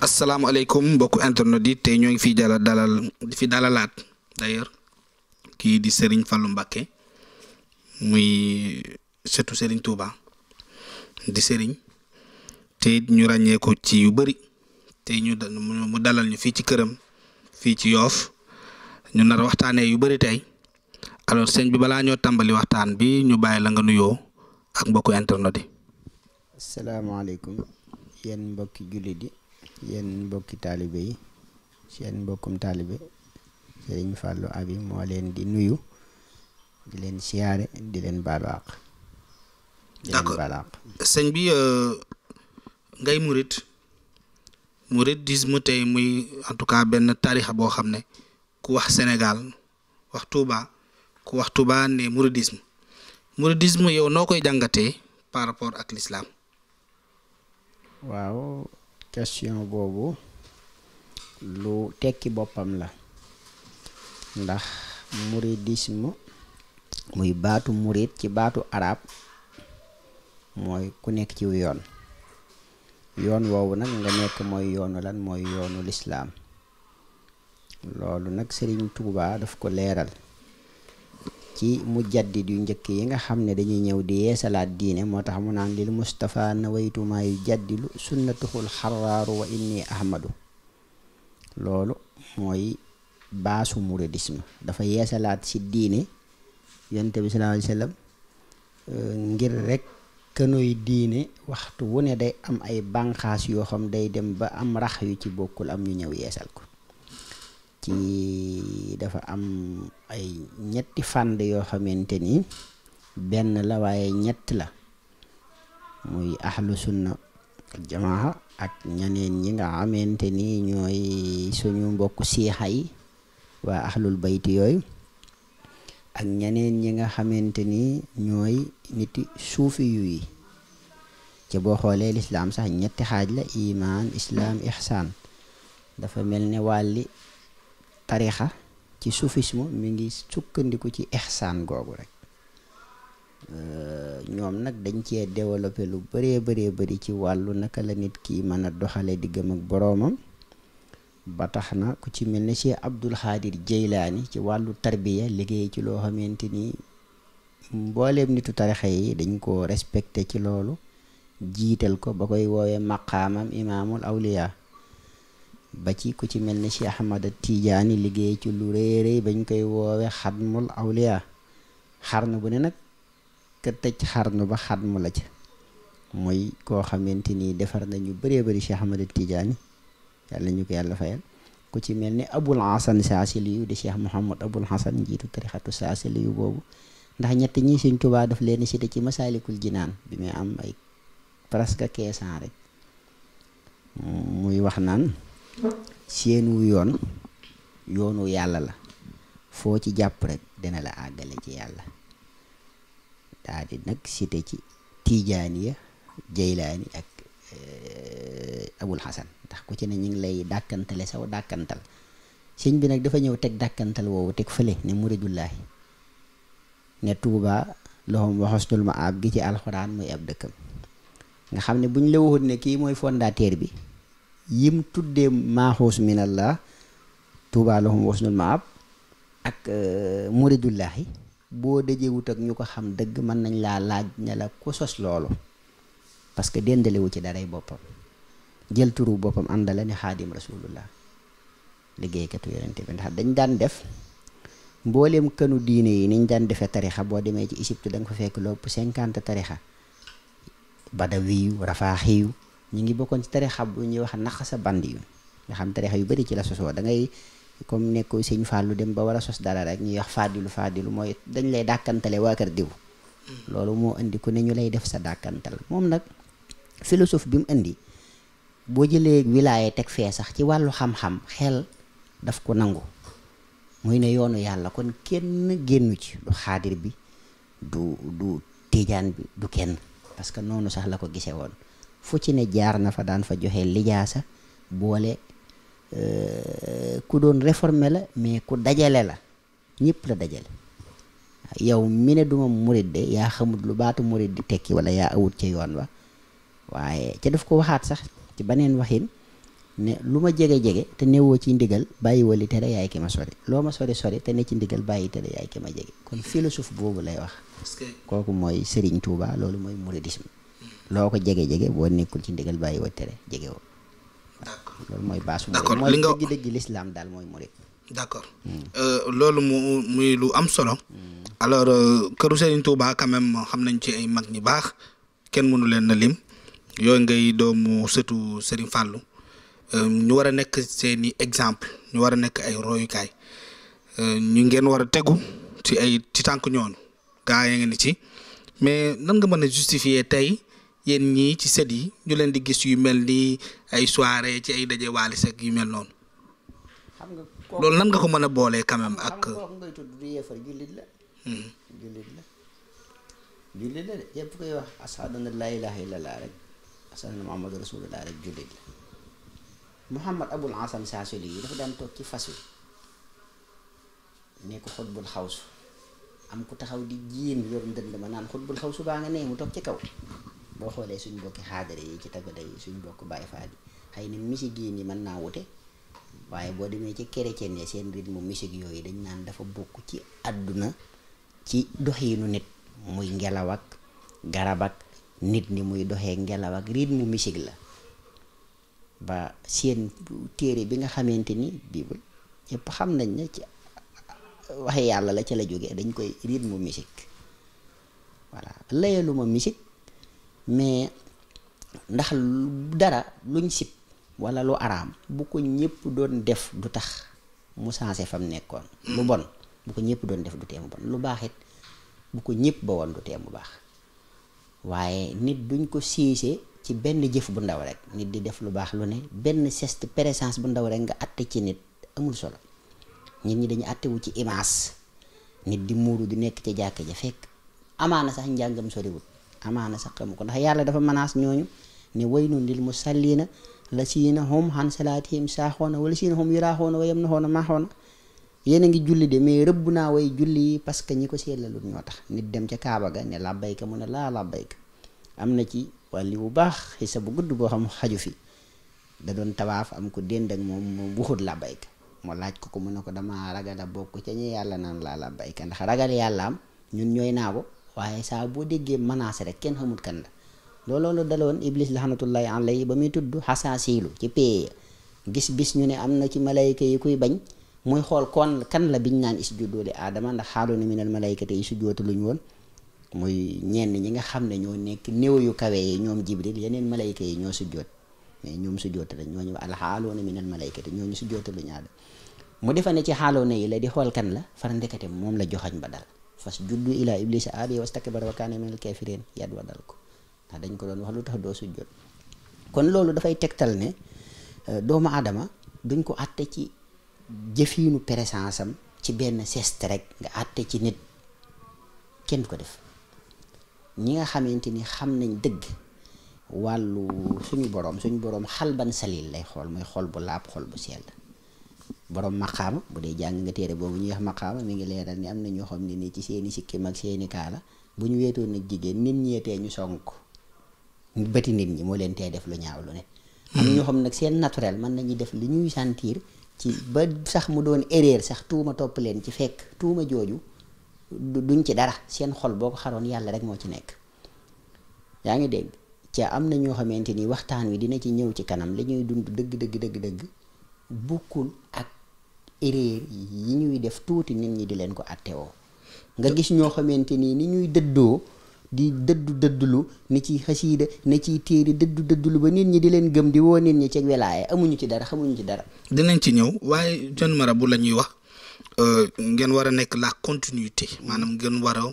asalaamaaleykum mbokku internet yi tey ñoo ngi fi dalal dalal di kii di Serigne Fallou Mbacké muy surtout Serigne tuuba di sëriñ te ñu ràññeeku ci yu bari te ñu mu dalal ñu fii ci këram fii ci yoof ñu nar waxtaanee yu bari tey. alors sëñ bi balaa ñoo tàmbali waxtaan bi ñu bàyyi la nga nuyoo ak mbokku internet yi. asalaamaaleykum yéen mbokki jullit yi yéen mbokki taalibe seen mbokkum taalibe Serigne Fallou Abi moo leen di nuyu di leen siyaare di leen baalu àq. di leen baalu àq sëñ bi euh, ngay murit muridisme tey muy en tout cas benn tarixa boo xam ne ku wax Sénégal wax ku wax Touba ne mouridisme mouridisme yow noo koy jàngatee par rapport ak l'islam waaw question boobu lu tekki boppam la ndax mouridisme muy baatu murid ci baatu arab mooy ku nekk ci yoon yoon woowu nag nga nekk mooy yoonu lan mooy yoonu lislaam loolu nag Sëriñ Tuubaa daf ko leeral ci mu mujaddid yu njëkk yi nga xam ne dañuy ñëw di yeesalaat diine moo tax mu naan lil Mustafa nawaytumaa yu jaddilu sunnatuhul xaraaru wa inni ahmadu loolu mooy baasu muridisme dafa yeesalaat ci diine yonent bi sallallahu wasallam euh, ngir rek kënuy diine waxtu wu ne day am ay bànqaas yoo xam day dem ba am rax yu ci bokkul am ñu ñëw yeesal ko ci dafa am ay ñetti fànn yoo xamante ni benn la waaye ñett la muy ahlu sunna jamaa ak ñaneen ñi nga xamante ni ñooy suñu mbokk siixa yi waa ahlul bayti yooyu ak ñaneen ñi nga xamante ni ñooy niti suufi yu ci boo xoolee lislaam sax ñetti xaaj la imaan islaam ihsaan dafa mel ne wàlli tarixa ci soufisme mi ngi sukkandiku ci ixsaan googu rek euh, ñoom nag dañ cee développé lu bëree bëree bari ci wàllu naka la nit ki mën a doxale diggam ak boroomam ba tax na ku ci mel si Cheikh Abdul Xaadir Jeylaani ci wàllu tarbiya liggéey ci loo xamante ni mbooleem nitu tarixa yi dañ ko respecté ci loolu jiital ko ba koy woowee maqaamam imaamul awliyaa ba ci ku ci mel ni Cheikh Ahmad Tidiane liggéey ci lu rëy bañ koy woowe xadmul awliya xarnu bu ne nag ka tëj xarnu ba xadmu la ca mooy koo xamante ni defar nañu bëree bëri Cheikh Ahmad Tidiane yàlla ñu ko yàlla fayal ku ci mel ni Abul Hasan Saasili yu di Cheikh Mouhamad Abul Hasan njiitu tarixatu Saasili yu boobu ndax ñett ñi Sëñ Tuubaa daf leen cité ci Masaalikul Jinaan bi muy am ay presque quinze ans rek muy wax naan seenu yoon yoonu yàlla la foo ci jàpp rek dina la àggale ci yàlla daa di nag cité ci tiijaaniya jaylaani ak eh, abul xasan ndax ku ci ne ñu ngi lay dàkkantale saw dàkkantal sëñ bi nag dafa ñëw teg dàkkantal woowu teg fële ne muridullaahi ne tuuba loxoom waxusnul ma ab gi ci alxuraan muy ab dëkkam nga xam ne bu ñu la waxoon ne kii mooy fondateur bi yim tuddee maaxuus minallah tuubaa lahum wasnul maab ak euh, muridullahi boo dajewut ak ñu ko xam dëgg mën nañ laa laaj ne la ku sos loolu parce que dendalewu ci daray boppam jël turu boppam àndala ne xaadim rasulullah liggéeykatu yonente bi ndax dañ daan def mbooleem kënu diine yi niñ daan defee tarixa boo demee ci Égypte da nga fa fekk lopp cinquante tarixa badawiyu rafaaxiyu ñu ngi bokkoon si ci tarixa bu ñuy wax sa bandi yu nga xam tarixa yu bari ci la sosoo da ngay comme nekk sëñ Fallou dem ba war a sos dara rek ñuy wax Fadilu Fadilu mooy dañ lay dàkkantale waa kër diw loolu moo indi ku ne ñu lay def sa dàkkantal moom nag philosophe bi mu indi boo jëlee wilaaye teg fee sax ci wàllu xam-xam xel daf ko nangu muy ne yoonu yàlla kon kenn génnu ci du xaadir bi du du tijaan bi du kenn parce que noonu sax la ko gisee woon fu ci ne jaar na fa daan fa joxe lijaasa boole euh, ku doon réformer la mais ku dajale la ñëpp la dajale yow mi ne duma murit de yaa xamut lu baatu murit di tekki wala yaa awut ci yoon wa waaye ca daf ko waxaat sax ci beneen waxin ne lu ma jege jege te newoo ci ndigal bàyyi wali tere yaay ki ma sori loo ma sori sori te ne ci ndigal bàyyi tere yaay ki ma jege kon philosophe boobu lay wax. kooku mooy Serigne tuuba loolu mooy mouridisme. loo ko nekkul ci ndigal bàyyi wa tere jege woo. d'accord loolu mooy baasu. d'accord li nga mooy dëgg-dëgg lislaam daal mooy murid. d'accord hmm. euh, loolu mu muy lu am solo. Hmm. alors euh, këru Serigne Touba quand même xam nañ ci ay mag ñi baax kenn mënu leen na lim yooyu ngay doomu sëtu Serigne Fallou euh, ñu war a nekk seeni exemple ñu war a nekk ay royukaay ñu ngeen war a tegu ci ay ci tànk ñooñu gaa ya ngeen ci mais nan mën a justifier tey. yéen ñii ci sët yi ñu leen di gis yu mel ni ay soirée ci ay daje waalis ak yu mel noonu. xam nga loolu nan nga ko mën a boolee quand ak. xam nga ngay tudd du yéefar hmm. la. jullit la jullit de yëpp koy wax ashadu an laa ilaaha illallaah rek ashadu anna muhammadu rasulullaah rek jullit la Muhammad Abul Hasan Saasili yi dafa daan toog ci fas wi ne ko xutbul xawsu am ku taxaw di jiin yor ndënd ma naan xutbul xawsu baa nga nee mu toog ci kaw. boo xoolee suñ mbokki xaadara yi ci tagada yi suñ mbokk Baay Faal yi xay ni musique yi nii mën naa wute waaye boo demee ci chrétien yi seen rythme musique yooyu dañ naan dafa bokk ci àdduna ci doxiinu nit muy ngelaw ak garab ak nit ni muy doxee ngelaw ak riit mu misik la ba seen téere bi nga xamante ni bible ñëpp xam nañ ne ci waxe yàlla la ca la jógee dañ koy rythme musique voilà layaluma musique mais ndax dara luñ sib wala lu araam bu ko ñëpp doon def du tax mu sansé fam nekkoon lu bon bu ko ñëpp doon def du teemu bon lu baax it bu ko ñëpp ba woon du teemu baax waaye nit duñ ko siise ci benn jëf bu ndaw rek nit di def lu baax lu ne benn geste présence bu ndaw rek nga àtte ci nit amul solo nit ñi dañu àttewu ci image nit di muuru di nekk ci jàkk ja fekk amaana sax njàngam soriwut amaana sax xamu ko ndax yàlla dafa menace ñooñu ne waylun lil musalliina la siina hum han salaatihim saaxoona wala siina hum yuraaxoona wa yamnaxoona maaxoona yéen a ngi julli de mais rëbb naa way julli yi parce que ñi ko seetlalul ñoo tax nit dem ca Kaaba ga ne làbbayka mu ne laa làbbayka am na ci wàlli bu baax xisa bu gudd boo xam xaju fi da doon tawaaf am ko dend ak moom moom waxut làbbayka mu laaj ko ko mu ne ko damaa ragal bokk ca ñi yàlla naan laa làbbayka ndax ragal yàlla am ñun ñooy naago waaye saa boo déggee menacé rek kenn xamut kan la looloo la daloon iblis laxanatullahi alayhi ba muy tudd xasaasiilu ci peye gis bis ñu ne am na ci malayka yi kuy bañ muy xool kon kan la biñ naan isjudu li aadama ndax xaaluuna minal malaykati yi sujootu luñ woon muy ñenn ñi nga xam ne ñoo nekk néew yu kawe yi ñoom jibril yeneen malayka yi ñoo sujoot mais ñoom sujootu lañ ñooñu al xaaluuna minal malaykati ñooñu sujootu luñ aadama mu defa ne ci xaaluuna yi la di xool kan la far ndekete moom la joxañ ba dal fas juddu ilaa iblisa aabi wastakbara wa kaana minal kaafiriin yad wa dal ko ndax dañ ko doon wax lu tax doo sujjoot kon loolu dafay tegtal ne euh, doomu aadama duñ ko àtte ci jëfiinu présence am ci benn geste rek nga àtte ci nit kenn ko def ñi nga xamante ni xam nañ dëgg wàllu suñu boroom suñu boroom xal ban salil lay xool mooy xool bu laab xool bu la borom maqaama bu dee jàng nga téere boobu ñuy wax maqaama mi ngi leeral ni am na ñoo xam ne nii ci seeni sikkim ak seeni kaala bu ñu weetoon nag jigéen nit ñee tee ñu sonk bëti nit ñi moo leen tee def lu ñaaw lu ne am nag seen naturel mën nañu def li ñuy sentir ci ba sax mu doon erreur sax tuuma topp leen ci fekk tuuma jooju duñ ci dara seen xol boo xaroon yàlla rek moo ci nekk yaa ngi dégg ci am na ñoo xamante ni waxtaan wi dina ci ñëw ci kanam lañuy ñuy dund dëgg dëgg dëgg dëgg bukkul ak erreur yi ñuy def tuuti nit ñi di leen ko attewoo nga gis ñoo xamante ni ni ñuy dëddoo di dëddu dëddulu ni ci xasiida ni ciy téere dëddu lu ba nit ñi di leen gëm di woo nit ñi ci welaaya amuñu ci dara xamuñu ci dara dinañ ci ñëw waaye John Marabout la ñuy wax euh, ngeen war a nekk la continuité maanaam ngeen war a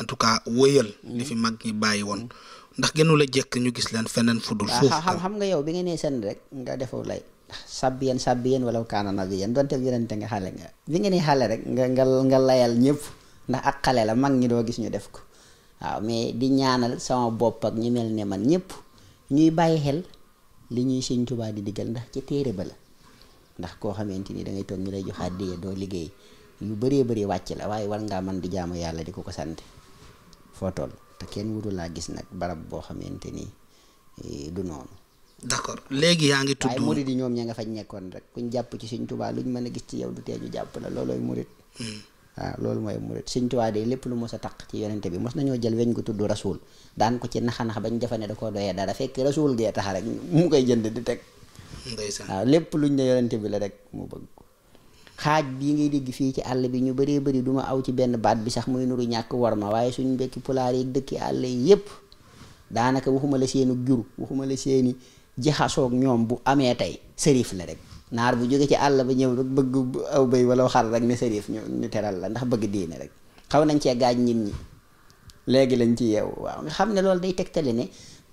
en tout cas wëyal li fi mag ñi bàyyi woon mm. ndax gënu la jekk ñu gis leen feneen fudul ah, foofu xam xam nga yow bi nga nee seen rek nga defoo lay sàbbiyan sàbbiyan wala kaana nabiyan donte yonente nga xale nga bi ngeen di xale rek nga nga nga layal ñëpp ndax ak xale la mag ñi doo gis ñu def ko waaw mais di ñaanal sama bopp ak ñu mel ne man ñëpp ñuy bàyyi xel li ñuy sëñ Tuubaa di diggal ndax ci téere ba la ndax koo xamante ni da ngay toog ñu lay jox àddiya doo liggéey yu bëree bëri wàcc la waaye war ngaa man di jaamu yàlla di ko ko sant foo toll te kenn wutu laa gis nag barab boo xamante ni eh, du noonu. d'accord léegi yaa ngi tudd waaye murid yi ñoom ña nga fañ nekkoon rek kuñ jàpp ci sëñ Tuubaa luñ mën a gis ci yow du tee ñu jàpp la loolooy murid hmm. waaw loolu mooy murid sëñ Tuubaa de lépp lu mos a taq ci yonente bi mos nañoo jël weñ ko tudd rasul daan ko ci naxa bañ jafe ne koo doyee dara fekk rasul gee tax rek mu koy jënd di teg waaw lépp luñ ne yonente bi la rek mu bëgg ko xaaj bii ngay dégg fii ci àll bi ñu bëree bëri du ma aw ci benn baat bi sax muy nuru ñàkk war ma waaye suñ mbekki pulaar yi dëkki àll yi yépp daanaka waxuma la seenu jur waxuma la seeni jaxasoog ñoom bu amee tey sërif la rek naar bu jóge ci àll ba ñëw rek bëgg aw bëy wala xar rek ne sërif ñu ñu teral la ndax bëgg diine rek xaw nañ cee gaañ nit ñi léegi lañ ci yeewu waaw nga xam ne loolu day tegtale ne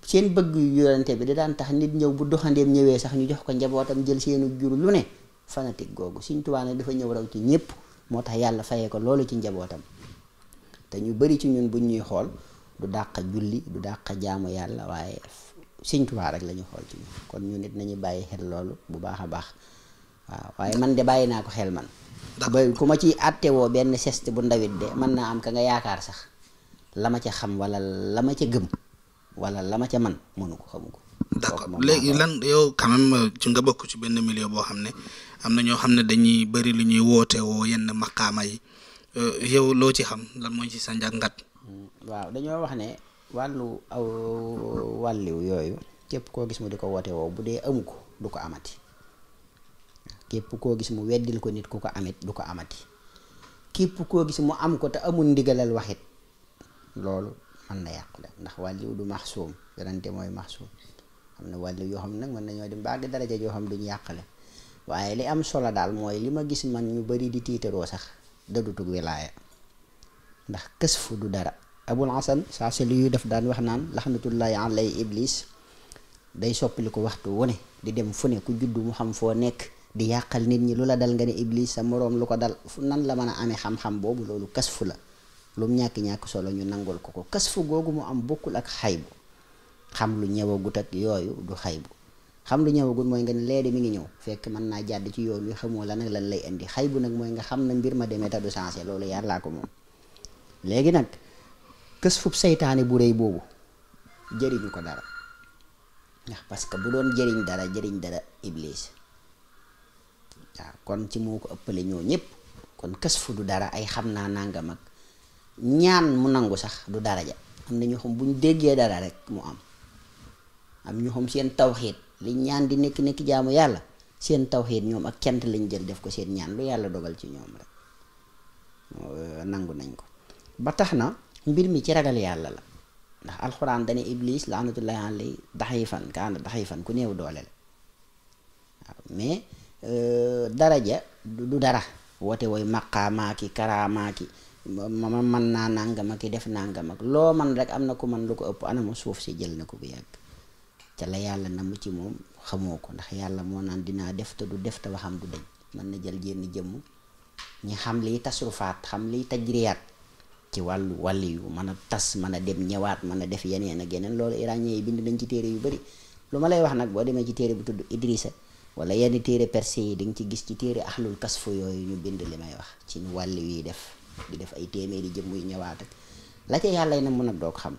seen bëgg yu yorante bi da tax nit ñëw bu doxandeem ñëwee sax ñu jox ko njabootam jël seenu jur lu ne fanatique googu Sëriñ Tuubaa dafa ñëw raw ci ñëpp moo tax yàlla fayee ko loolu ci njabootam te ñu bari ci ñun bu ñuy xool du dàq julli du dàq jaamu yàlla waaye Sëñ Tuubaa rek la ñu xool ci kon ñu nit nañu bàyyi xel loolu bu baax a baax waaw waaye man de bàyyi naa ko xel man ba ku ma ci woo benn geste bu ndawit de man naa am ka nga yaakaar sax la ma ca xam wala la ma ca gëm wala la ca man mënu ko xamu ko d'accord léegi lan yow quand ci nga bokk ci benn milieu boo xam ne am na ñoo xam ne dañuy bëri lu ñuy woote woo yenn maqaama yi euh, yow loo ci xam lan mooy ci sa njàngat hmm, waaw dañoo wax ne wàllu aw wàlliw yooyu képp koo gis mu di ko woote woo bu dee amu ko du ko amati képp koo gis mu weddil ko nit ku ko amit du ko amati képp koo gis mu am ko te amul ndigalal waxit loolu mën na yàqu ndax wàlliw du maxsuum yonante mooy maxsuum xam ne wàlliw yoo xam ne nag mën nañoo dem ba àgg daraja yoo xam duñ yàqale waaye li am solo daal mooy li ma gis man ñu bari di tiitaroo sax dadutug wilaaya ndax kës fu du dara abul hasan saa si liyu def daan wax naan laxnatullaahi alay iblis day soppaliku waxtu wu ne di dem fu ne ku juddu mu xam foo nekk di yàqal nit ñi lu la dal nga ne iblis sa moroom lu ko dal fu nan la mën a amee xam-xam boobu loolu kasfu la lum ñàkk-ñàkk solo ñu nangul ko ko kasfu googu mu am bokkul ak xaybu xam lu ñëwagut ak yooyu du xaybu xam lu ñëwagut mooy nga ne léegi mi ngi ñëw fekk mën naa jàdd ci yoon wi xamoo lan ak lan lay indi xaybu nag mooy nga xam na mbir ma demee te du sensé loolu yàllaa ko moom kës fub seytaane bu rëy boobu jëriñu ko dara ndax parce que bu doon jëriñ dara jëriñ dara iblis waaw kon ci moo ko ëppale ñoo ñëpp kon kës fu du dara ay xam naa nangam ak ñaan mu nangu sax du dara ja am na ñu xam bu déggee dara rek mu am am ñu xam seen tawxiit li ñaan di nekk nekk jaamu yàlla seen tawxiit ñoom ak cant lañ jël def ko seen ñaan lu yàlla dogal ci ñoom rek nangu nañ ko ba tax na. mbir mi ci ragal yàlla la ndax alxuraan dane iblis laanatullahi alayhi daxiifan kaana daxiifan ku néew doole la waaw mais euh, daraja du dara woote wooy maqaamaaki karaamaaki ma man naa nàngam ak def nàngam ak loo man rek am na ku man lu ko ëpp anama suuf si jël na ko bu yàgg ca la yàlla na mu ci moom xamoo ko ndax yàlla moo naan dinaa def te du def te waxam du dañ mën na jël jénn jëmm ñi xam liy tasrufaat xam liy tajriyaat ci wàllu wàll yu mën a tas man a dem ñëwaat mën a def yeneen ak yeneen loolu iranien yi bind nañ ci téere yu bari lu ma lay wax nag boo demee ci téere bu tudd Idrissa wala yenn téere perse yi dañ ci gis ci téere axlul kasfu yooyu ñu bind li may wax ci ñu wàll yuy def di def ay téeméeri jëm muy ñëwaat ak la ca yàlla na mun a doog xam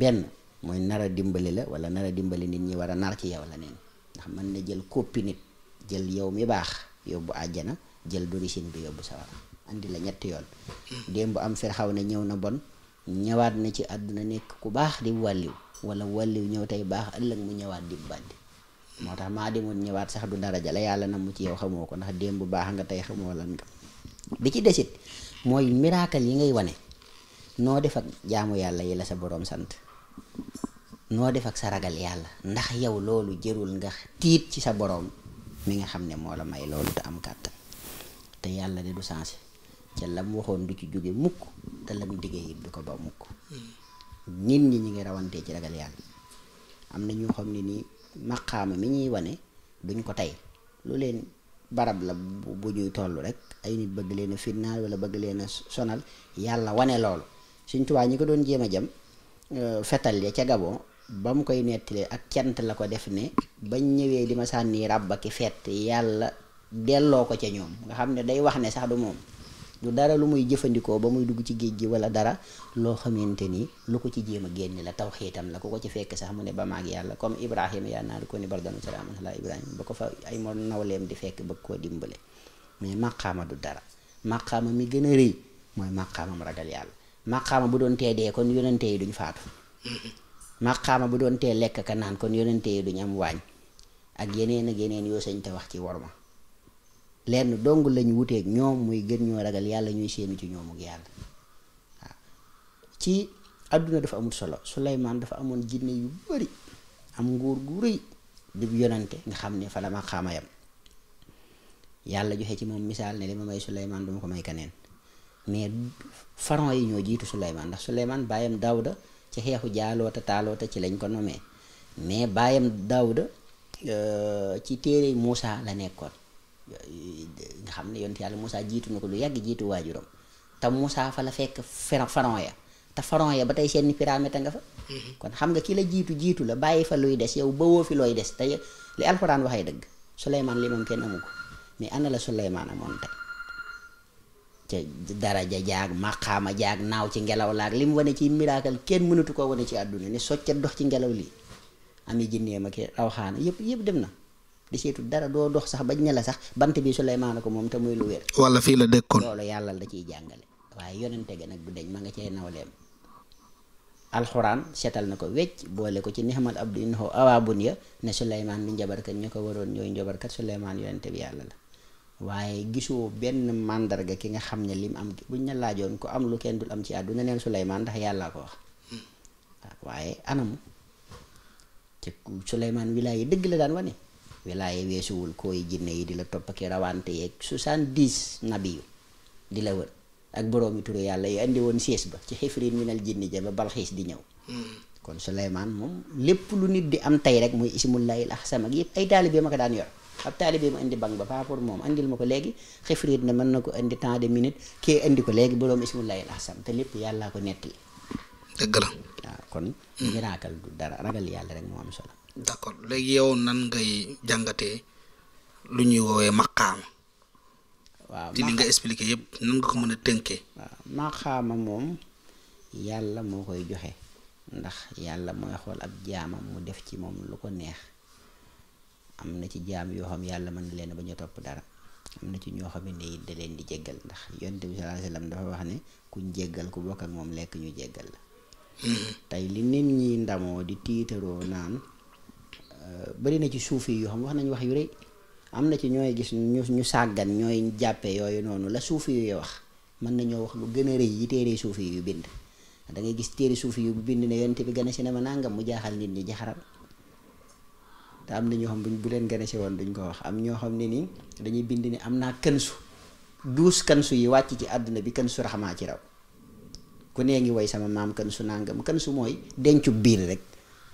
benn mooy nar dimbali la wala nar dimbali nit ñi war a nar ci yow la neen ndax mën na jël koppi nit jël yow mi baax yóbbu àjjana jël d'origine bi yóbbu sawara indi la ñetti yoon démb am xaw ne ñëw na bon ñëwaat na ci àdduna nekk ku baax di wàlliw wala wàlliw ñëw tey baax ëllëg mu ñëwaat di bandi moo tax maa demoon ñëwaat sax du dara jala yàlla na mu ci yow xamoo ko ndax démb baax nga tey xamoo lan nga bi ci desit mooy miracle yi ngay wane noo def ak jaamu yàlla yi la sa boroom sant noo def ak sa ragal yàlla ndax yow loolu jërul nga tiit ci sa boroom mi nga xam ne moo la may te yàlla de du changé ca lam waxoon du ci jóge mukk te lam diggee it du ko ba mukk nit ñi ñu ngi rawantee ci ragal yàlla am na ñu xam ne nii maqaama mi ñuy wane duñ ko tey lu leen barab la bu ñuy toll rek ay nit bëgg leen a fitnaal wala bëgg leen a sonal yàlla wane loolu Sëñ Tuubaa ñi ko doon jéem a jam euh, fetal ya ca Gabon ba mu koy nettalee ak cant la ko def ne bañ ñëwee di ma sànni ràbb ak fett yàlla delloo ko ca ñoom nga xam ne day wax ne sax du moom du dara lu muy jëfandikoo ba muy dugg ci géej gi wala dara loo xamante ni lu ko ci jéem a génn la taw xeetam la ku ko ci fekk sax mu ne ba mag yàlla comme Ibrahima yaa naa ko ni bardanu salaam ala Ibrahima ba ko fa ay mo nawleem di fekk bëgg koo dimbale mais maxaama du dara maqaama mi gën a rëy mooy maqaamam ragal yàlla maxaama bu doon tee dee kon yonente yi duñ faatu maxaama bu doon tee lekk ka naan kon yonente yi duñ am ak yeneen ak yeneen yoo te wax ci worma. lenn dong lañ wuteek ñoom muy gën ñoo ragal yàlla ñuy séenu ci ñoomuk yàlla waaw ci àdduna dafa amul solo Suleymaan dafa amoon jinne yu bari am nguur gu rëy di yonante nga xam ne fa la ma yàlla joxe ci moom misaal ne li ma may Suleymaan duma ko may keneen mais pharaon yi ñoo jiitu Suleymaan ndax Suleymaan baayam Daawuda ci xeexu jaaloota taaloota ci lañ ko nomee mais baayam daawda euh, ci téere Muusa la nekkoon nga xam ne yonent yàlla musaa jiitu na ko lu yàgg jiitu waajuram te musaa fa la fekk faron ya te faron ya ba tey seen pyramide nga fa. Mhm. kon xam nga ki la jiitu jiitu la bàyyi fa luy des yow woo fi looy des te li alxuraan waxee dëgg Souleymane li moom kenn amu ko mais ana la Souleymane amoon tey. ca daraja jaag maqaama jaag naaw ci ngelaw laag li mu wane ci miracle kenn mënatu koo wane ci àdduna ne socca dox ci ngelaw lii ami jinneem ak rawxaana yëpp yëpp dem na di seetu dara doo dox sax bañ ne sax bant bi Suleymaan ko moom te muy lu wér. wala fii la dëkkoon loolu yàlla la ciy jàngale. waaye yonente ga nag bu deñ ma nga cee nawleem alxuraan seetal na ko wecc boole ko ci nixamal abdu innahu awaabun ya ne Suleymaan mi njabarkat ñu ko waroon ñooy njabarkat Suleymaan yonente bi yàlla la. waaye gisoo benn màndarga ki nga xam ne lim am buñ ne laajoon ko am lu kenn dul am ci àdduna neen Suleymaan ndax yàllaa ko wax hmm. waaye anamu te Suleymaan wilaay yi dëgg la daan wane. wilaaya weesuwul kooy jinne yi di la topp ak rawante yeeg soixante-dix nabi yu di la wër ak boroomi turu yàlla yu andi woon siis ba ci mi na jinni ja ba balxiis di ñëw hmm. kon Souleymane moom lépp lu nit di am tey rek muy ismullahil ahsam ak yëpp ay taalibe ma ko daan yor ab taalibe ma indi bank ba pas pour moom andil ma ko léegi xifrit na mën na ko indi temps de minute kii indi ko léegi boroom ismullahil ahsam te lépp yàllaa ko nettali dëgg la waaw kon hmm. miracle du dara ragal yàlla rek moo am solo d'accord léegi yow nan ngay jàngatee lu ñuy woowee maqaama. waaw ci li mën a tënkee. waaw maqaama moom yàlla moo koy joxe ndax yàlla mooy xool ab jaamam mu def ci moom lu ko neex am na ci jaam yoo xam yàlla mën na leen ba a topp dara am na ci ñoo xam ne da leen di jéggal ndax yonent bi sallallahu alayhi dafa wax ne kuñ jéggal ku bokk moom lekk ñu jéggal la. Hmm. tey li nit ñi ndamoo di tiitaroo naan. bari na ci suufi yu xam wax nañu wax yu rëy am na ci ñooy gis ñu ñu sàggan ñooy jàppe yooyu noonu la suufi yuy wax mën nañoo wax lu gën a rëy yi téere suufi yu bind da ngay gis téere suufi yu bind ne yonent bi gane si ne ma nangam mu jaaxal nit ñi jaxaral te am na ñoo xam bu leen gane woon duñ ko wax am ñoo xam ne nii dañuy bind ni am naa kansu douze kansu yi wàcc ci àdduna bi kansu raxmaa ci raw ku nee ngi woy sama maam kansu nangam kansu mooy dencu biir rek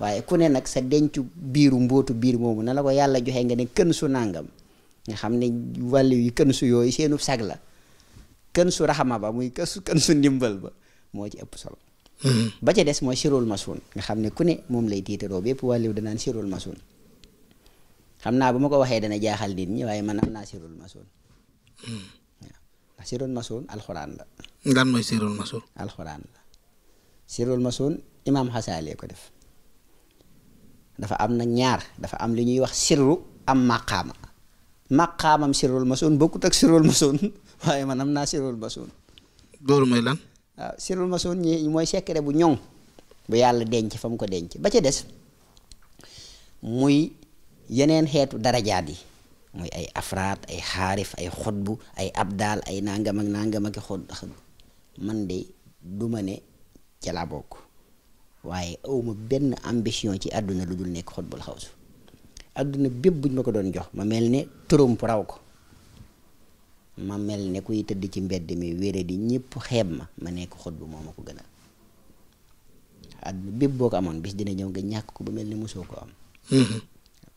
waaye ku ne nag sa dencu biiru mbóotu biir moomu na la ko yàlla joxe nga ne kën su nàngam nga xam ne wàllu yi kën su yooyu seenu sag la kën su raxama ba muy kën su kën ndimbal ba moo ci ëpp solo hmm. ba ca des mooy sirul masun nga xam ne ku ne moom lay tiitaroo bépp wàlliw danaan sirul masun xam naa bu ma ko waxee dana jaaxal nit ñi waaye man am naa sirul masun hmm. sirul masoon alxuraan la. lan mooy sirul masoon. alxuraan la sirul masoon imaam xasaale ko def. dafa am na ñaar dafa am lu ñuy wax sirru am maqaama maqaamam sirrul masoon bokkut ak sirrul masoon waaye man am naa sirrul masoon. loolu mooy lan. waaw sirrul masoon ñi mooy sekkere bu ñoŋ bu yàlla denc fa mu ko denc ba ca des muy yeneen xeetu darajaat yi muy ay afraat ay xaarif ay xutbu ay abdaal ay nangam ak nangam ak xod man de du ma ne ca laa bokk. waaye awma benn ambition ci àdduna lu dul nekk xutbul xawsu àdduna bépp buñ ma ko doon jox ma mel ne Trump raw ko ma mel ne kuy tëdd ci mbedd mi wére di ñëpp xeeb ma ma nekk xutbu bu ma ko gënal àdduna bépp boo ko amoon bis dina ñëw nga ñàkk ko ba mel ne mosoo ko am mm-hmm.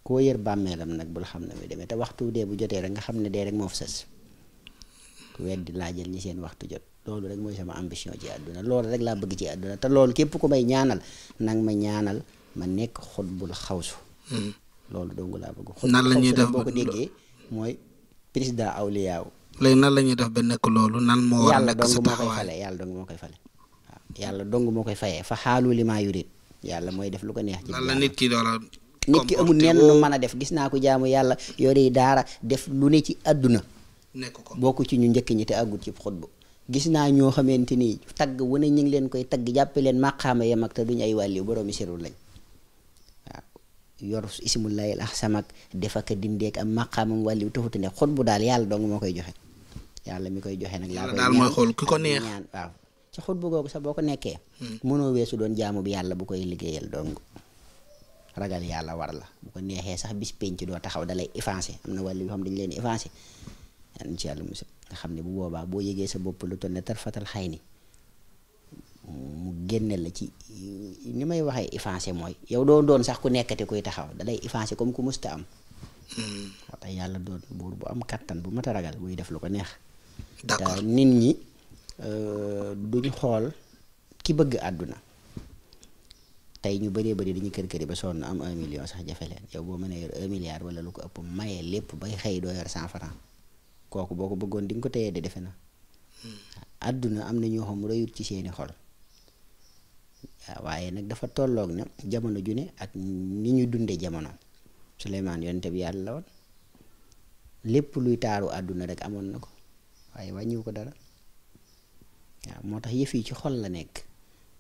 koo yër bàmmeelam nag bul xam ne muy demee te waxtu dee bu jotee rek nga xam ne dee rek moo fi sës ku weddi laajal ñi seen waxtu jot loolu rek mooy sama ambition ci àdduna loolu rek laa bëgg ci àdduna te loolu képp ku may ñaanal nang ma ñaanal ma nekk xutbul xawsu hmm. loolu dong laa bëgg xutbul nan la ñuy def boo ko déggee mooy président awliyaaw léegi nan la ñuy def ba nekk loolu nan moo war a nekk sa taxawaay yàlla dong moo koy fale yàlla dong moo koy fayee fa xaalu li maa yurit yàlla mooy def lu ko neex ci lan la nit ki doora nit ki a def gis naa ko jaamu yàlla yore yi daara def lu ne ci àdduna nekk ko bokk ci ñu njëkk ñi te àggut ci xutbu gis naa ñoo xamante ni tagg wane ñu ngi leen koy tagg jàppe leen màqaama yam ak te duñu ay wàlli boroomi sirru lañ waaw yor ismullahi al ahsam ak def ak dindeeg am màqaamam wàlliw taxuti ne xut bu daal yàlla dong moo koy joxe yàlla mi koy joxe nag laa koy ko neex ñaan waaw ci sax boo ko nekkee hmm. mënoo weesu doon jaamu bi yàlla bu koy liggéeyal dong ragal yàlla war la bu neexee sax bis penc doo taxaw dalay effacé am na wàllu yoo leen effacé yàlla ci nga xam ne bu boobaa boo yëgee sa bopp lu toll ne tarfatal xay ni mu génne la ci ni may waxee effacé mooy yow doo doon sax ku nekkati kuy taxaw dalay effacé comme ku musta am hmm. moo yàlla doon buur bu am kattan bu mat a ragal buy def lu ko neex nit ñi euh, duñ xool ki bëgg àdduna tey ñu bëree bëri dañuy kër këri ba sonn am un million sax jafe leen yow boo mënee yor un milliard wala lu ko ëpp maye lépp bay xëy doo yor cent francs kooku boo ko bëggoon di nga ko téye di defe na àdduna am na ñoo xam rëyut ci seeni xol waaye nag dafa tollook na jamono ju ne ak ni ñu dunde jamono Suleymaan yonte bi yàlla la woon lépp luy taaru àdduna rekk amoon na ko waaye wàññiwu ko dara waaw moo tax yëf yi ci xol la nekk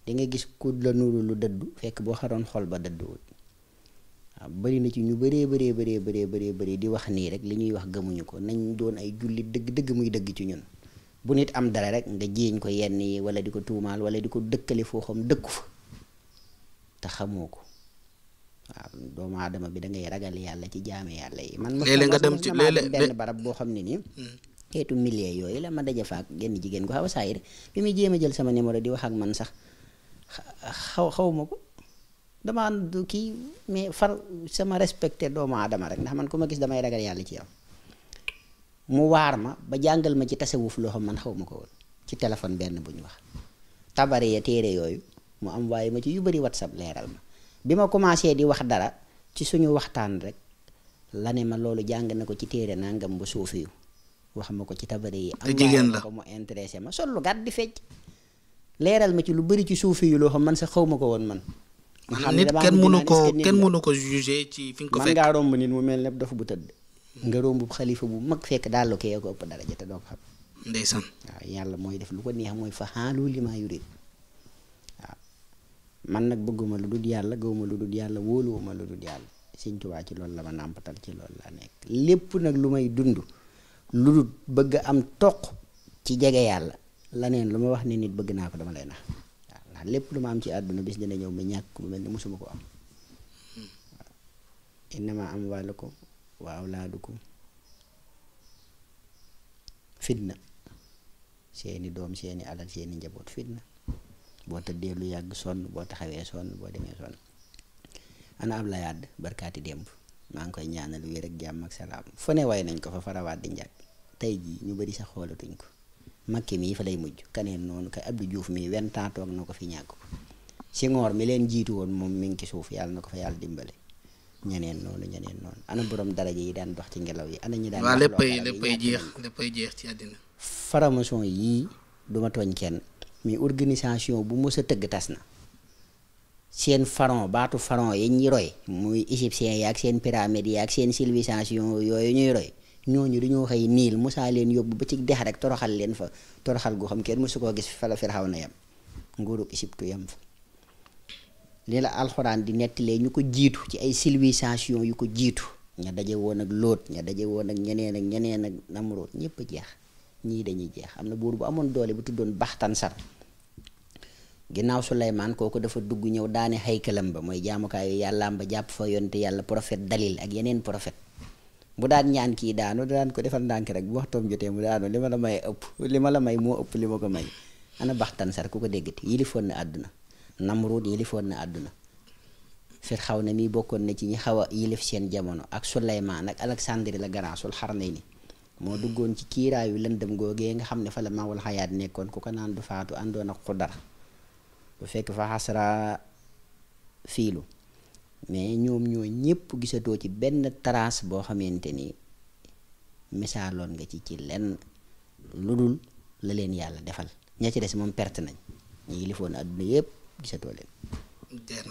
di gis ku la nuru lu dëddu fekk boo xaroon xol ba dëdduwul waaw na ci ñu bëree bëree bëree bëree bëree bëri di wax nii rek li ñuy wax gëmuñu ko nañ doon ay jullit dëgg dëgg muy dëgg ci ñun bu nit am dara rek nga jiiñ ko yenn yi wala di ko tuumaal wala di ko dëkkale foo xam dëkku fa te xamoo ko waaw doomu adama bi da ngay ragal yàlla ci jaame yàlla yi. man léeg-léeg nga benn barab boo xam ne nii. Mm. xeetu milliers yooyu la ma daje ak genn jigéen gu saa yi saayir bi muy jéem a jël sama numéro di wax ak man sax xaw xaw ma ko. damaa du kii mais far sama respecté doomu aadama rek ndax man ku ma gis damay ragal yàlla ci yow mu waar ma ba jàngal ma ci tasawuf loo xam man xaw ma ko woon ci téléphone benn bu ñu wax tabari ya téere yooyu mu am waaye ma ci yu bari whatsapp leeral ma bi ma commencé di wax dara ci suñu waxtaan rek la ne ma loolu jàng na ko ci téere nangam bu suufiyu wax ma ko ci tabari yi am mu intéressé ma sol lu gàtt di fecc leeral ma ci lu bari ci suufi yu loo xam man sax xaw ma ko woon man maanaam nit kenn mënu ko kenn mënu ko jugé ci fi nga ko man mu mel ne dof bu tëdd nga xalifa bu mag fekk daal la ko yow ko yàlla mooy def lu ko neex mooy fa xaalu li man nag bëgguma lu dul yàlla gawuma lu dul yàlla wóoluwuma lu dul yàlla sëñ Tuubaa ci lool la ma nàmpatal ci loolu laa nekk lépp nag lu may dund lu dul bëgg am toq ci jege yàlla laneen lu ma wax ne nit bëgg naa ko dama lay nax lépp lu ma am ci àdduna bis dina ñëw ma ñàkk mu mel ni mosuma ko am waaw innama amwaalukum ko awlaadukum fitna seeni doom seeni alal seeni njaboot fitna boo tëddee lu yàgg sonn boo taxawee sonn boo demee sonn ana ab la yàdd barkaati démb maa ngi koy ñaanal wér ak jàmm ak salaam fu ne way nañ ko fa farawaat di njàkk tey jii ñu bari sa xoolatuñ ko Macky yi fa lay mujj kaneen noonu kay Abdou Diouf mii wenn temps toog na ko fi ñàkk ko Senghor mi leen jiitu woon moom mi ngi ci suuf yàlla na ko fa yàlla dimbale ñeneen noonu ñeneen noonu ana borom daraja yi daan dox ci ngelaw yi ana ñi daan waaw léppay léppay jeex léppay ci àddina faramason yii duma tooñ kenn mais organisation bu mës a tëgg tas na seen pharaon baatu pharaon yi ñi roy muy égyptien yi ak seen pyramide yi ak seen civilisation yooyu ñuy roy ñooñu dañoo xëy niil Musaa leen yóbbu ba ci dex rek toroxal leen fa toroxal gu xam kenn su koo gis fa la na yam nguurug Isiptu yam fa li la alxuraan di nettalee ñu ko jiitu ci ay civilisation yu ko jiitu ña daje woon ak daje woon ak ñeneen ak ñeneen ak Namrood ñëpp jeex ñii dañuy jeex am na buur bu amoon doole bu tuddoon Baxtansar ginnaaw Suleymaan kooku dafa dugg ñëw daane xaykalam ba mooy jaamukaayu yàllaam ba jàpp fa yonte yàlla prophète Dalil ak yeneen prophète bu daan ñaan kii daanu daan ko defal ndànk rek bu waxtoom jotee mu daanu li ma la may ëpp lima la may moo ëpp li ma ko may ana Baxtansar ku ko déggati yilifoon na àdduna Namruud yilifoon na àdduna xaw na mi bokkoon na ci ñi xaw a yilif seen jamono ak Suleymaan ak Alexandre le Grand sul Xarnayni moo duggoon ci kiiraayu lëndëm googee nga xam ne fa la mawul xayaat nekkoon ku ko naan du faatu àndoon ak xudar bu fekk fa xasra fiilu mais ñoom ñoo ñëpp gisatoo ci benn trace boo xamante ni misaaloon nga ci ci lenn lu dul la leen yàlla defal ña ci des moom perte nañ ñu yilifoon àdduna yëpp gisatoo leen.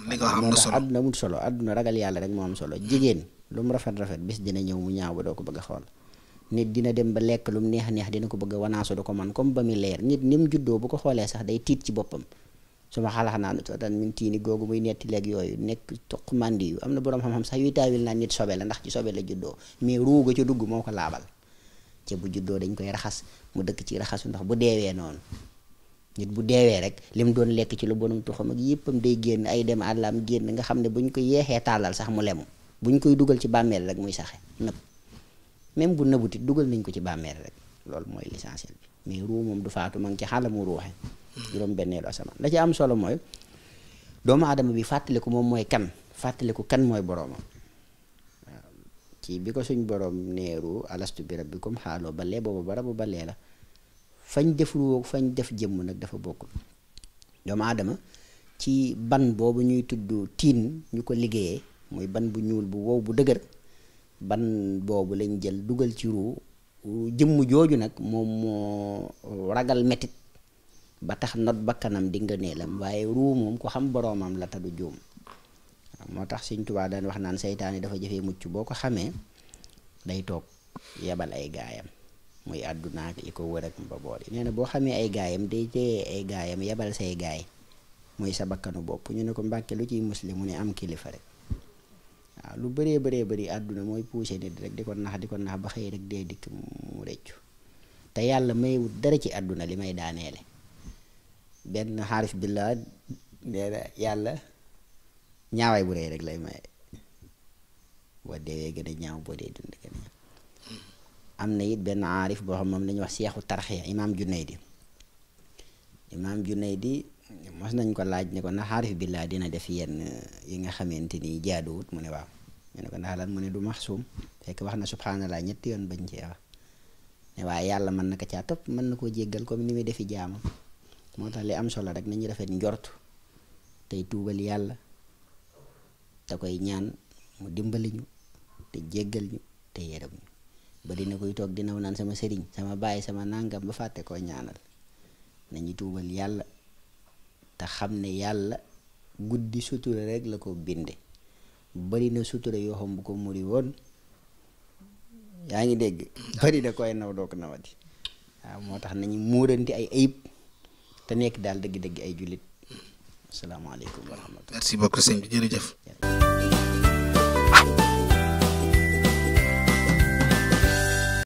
li nga xam ne solo àdduna amul solo ragal yàlla rek moo am solo jigéen lu mu rafet rafet bis dina ñëw mu ñaaw ba doo ko bëgg xool. nit dina dem ba lekk lu neex neex dina ko bëgg a wanaasu du ko man comme ba mu leer nit ni mu juddoo bu ko xoolee sax day tiit ci boppam suma xalaxanaanut watan min tiini googu muy netti leeg yooyu nekk tuq màndi yu am na boroom xam-xam sax yuy taawil naan nit sobe la ndax ci sobe la juddoo mais ruuga ca dugg moo ko laabal ca bu juddoo dañ koy raxas mu dëkk ci raxasu ndax bu deewee noonu nit bu deewee rek lim doon lekk ci lu bonum tuxam ak yëppam day génn ay dem àllam génn nga xam ne buñ ko yeexee tàllal sax mu lemu buñ koy dugal ci bàmmeel rek muy saxe nëb même bu nëbutit dugal nañ ko ci bàmmeel rek loolu mooy l'essentiel mais ruu moom du faatu ma ngi ci xaalamu ruuxe juróom benneelu asamaan la ci am solo mooy doomu aadama bi fàttaliku moom mooy kan fàttaliku kan mooy boroomam waaw ci bi ko suñ boroom neeru alastu bi rabbikum xaaloo balee booba balee la fañ def fañ def jëmm nag dafa bokkul doomu ci ban boobu ñuy tudd ñu ko liggéeyee muy ban bu ñuul bu wow bu dëgër ban boobu lañ jël dugal ci ruu jëmm jooju nag moom moo ragal metit ba tax not bakkanam di ngëneelam waaye ruu moom ku xam boroomam la te du juum moo tax Sëñ Tuubaa daan wax naan seytaane dafa jëfee mucc boo ko xamee day toog yebal ay gaayam muy àdduna ak yi ko wër ak yi na boo xamee ay gaayam day téye ay gaayam yebal say gaay muy sa bakkanu bopp ñu ne ko mbàkke lu ciy muslim mu ne am kilifa rek waaw lu bëree bëree bëri àdduna mooy poussé nit rek di ko nax di ko nax ba xëy rek dee dikk mu rëccu te yàlla maywut dara ci àdduna li may daaneele benn xaaris billaa yàlla ñaawaay bu rëy rek lay maye boo deewee gën a ñaaw boo dee dund gën a ñaaw am na it benn aarif boo xam moom la wax seexu tarxiya imaam Junaydi imaam di mos nañ ko laaj ne ko na xaarif billaa dina def yenn yi nga xamante ni jaaduwut mu ne waaw ñu ne ko ndax lan mu ne du maxsuum fekk wax na subhanallah ñetti yoon bañ cee wax ne waaye yàlla mën na ko caa mën na koo jéggal comme ni muy defi jaamam moo tax li am solo rek nañu rafet njort tey tuubal yàlla te koy ñaan mu dimbali ñu te jéggal ñu te yërëm ñu bari na koy toog di naw naan sama sëriñ sama bàyyi sama nàngam ba fàtte koo ñaanal nañu tuubal yàlla te xam ne yàlla guddi sutura rek la ko binde bari na sutura yoo xam bu ko muri woon yaa ngi dégg bari koy naw doo ko nawati moo tax nañu muuranti ay ayib te nekk daal dëgg-dëgg ay jullit asalaamaaleykum wa rahmatulah. merci beaucoup sëñ bi jërëjëf.